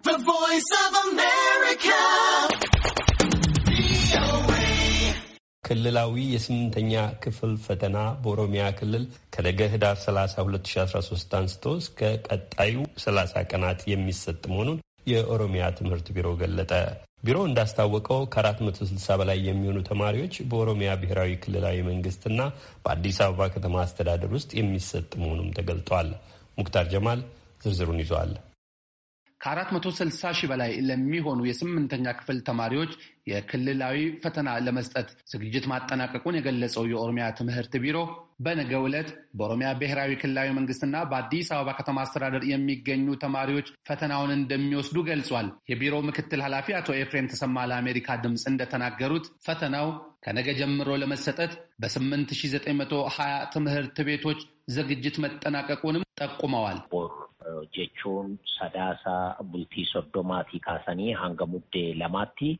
The Voice of America. ክልላዊ የስምንተኛ ክፍል ፈተና በኦሮሚያ ክልል ከነገ ህዳር 30 2013 አንስቶ እስከ ቀጣዩ 30 ቀናት የሚሰጥ መሆኑን የኦሮሚያ ትምህርት ቢሮ ገለጠ። ቢሮው እንዳስታወቀው ከ460 በላይ የሚሆኑ ተማሪዎች በኦሮሚያ ብሔራዊ ክልላዊ መንግስትና በአዲስ አበባ ከተማ አስተዳደር ውስጥ የሚሰጥ መሆኑም ተገልጧል። ሙክታር ጀማል ዝርዝሩን ይዟል። ከ460 ሺህ በላይ ለሚሆኑ የስምንተኛ ክፍል ተማሪዎች የክልላዊ ፈተና ለመስጠት ዝግጅት ማጠናቀቁን የገለጸው የኦሮሚያ ትምህርት ቢሮ በነገ ዕለት በኦሮሚያ ብሔራዊ ክልላዊ መንግስትና በአዲስ አበባ ከተማ አስተዳደር የሚገኙ ተማሪዎች ፈተናውን እንደሚወስዱ ገልጿል። የቢሮው ምክትል ኃላፊ አቶ ኤፍሬም ተሰማ ለአሜሪካ ድምፅ እንደተናገሩት ፈተናው ከነገ ጀምሮ ለመሰጠት በ8920 ትምህርት ቤቶች ዝግጅት መጠናቀቁንም ጠቁመዋል። jechuun sadaasaa bultii soddomaatii kaasanii hanga muddee lamaatti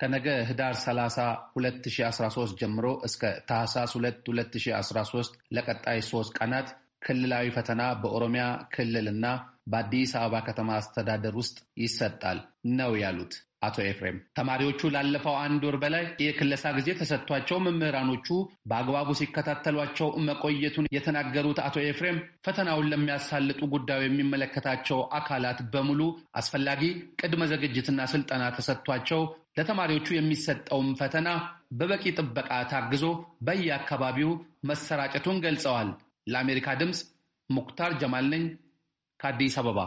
ከነገ ህዳር 30 2013 ጀምሮ እስከ ታህሳስ 2 2013 ለቀጣይ ሶስት ቀናት ክልላዊ ፈተና በኦሮሚያ ክልልና በአዲስ አበባ ከተማ አስተዳደር ውስጥ ይሰጣል ነው ያሉት አቶ ኤፍሬም። ተማሪዎቹ ላለፈው አንድ ወር በላይ የክለሳ ጊዜ ተሰጥቷቸው መምህራኖቹ በአግባቡ ሲከታተሏቸው መቆየቱን የተናገሩት አቶ ኤፍሬም ፈተናውን ለሚያሳልጡ ጉዳዩ የሚመለከታቸው አካላት በሙሉ አስፈላጊ ቅድመ ዝግጅትና ስልጠና ተሰጥቷቸው ለተማሪዎቹ የሚሰጠውን ፈተና በበቂ ጥበቃ ታግዞ በየአካባቢው መሰራጨቱን ገልጸዋል። ለአሜሪካ ድምፅ ሙክታር ጀማል ነኝ ከአዲስ አበባ